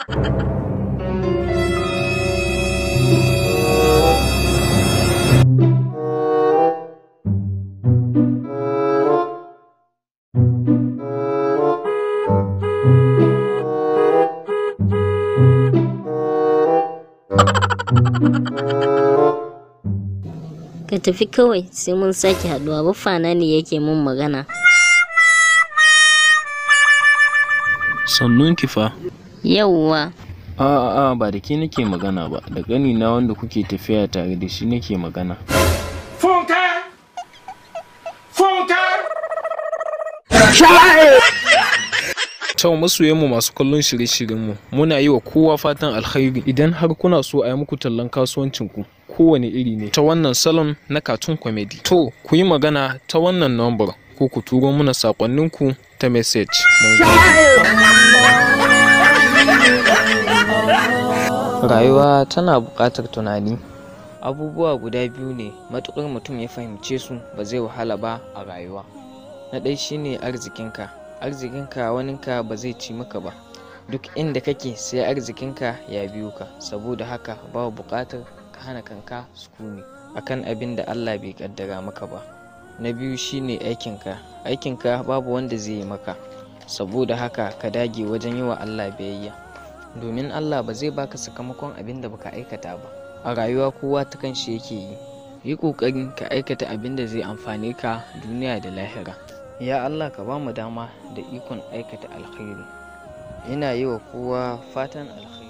Ka tafi kawai sai mun sake haduwa baffana ne yake mun magana. Sannun kifa. Yauwa. a a'a ba da ke nake magana ba, da gani na wanda kuke tafiya tare da shi nake magana. Funka! Funka! Tau masoyanmu masu kallon shirye-shiryenmu muna yi wa kowa fatan alkhairi idan har kuna so a yi muku tallan kasuwancinku kowane iri ne ta wannan salon na katun comedy. To, ku yi magana ta wannan nambar ko ku turo muna saƙonninku ta message. Rayuwa tana buƙatar tunani. Abubuwa guda biyu ne Matukar mutum ya fahimce su ba zai wahala ba a rayuwa. Na ɗai shine arzikinka, arzikinka waninka ba zai ci maka ba. Duk inda kake sai arzikinka ya biyo ka, saboda haka babu buƙatar ka hana kanka sukuni akan abin da Allah bai ƙaddara maka ba. Na biyu shine aikinka, aikinka babu wanda zai yi maka, saboda haka ka dage wajen yi wa Allah biyayya. domin Allah ba zai baka sakamakon abin da baka aikata ba a rayuwa kowa ta kan shi yake yi yi ƙoƙarin ka aikata abin da zai amfane ka duniya da lahira ya Allah ka ba mu dama da ikon aikata alkhairi ina yi wa kowa fatan alkhairi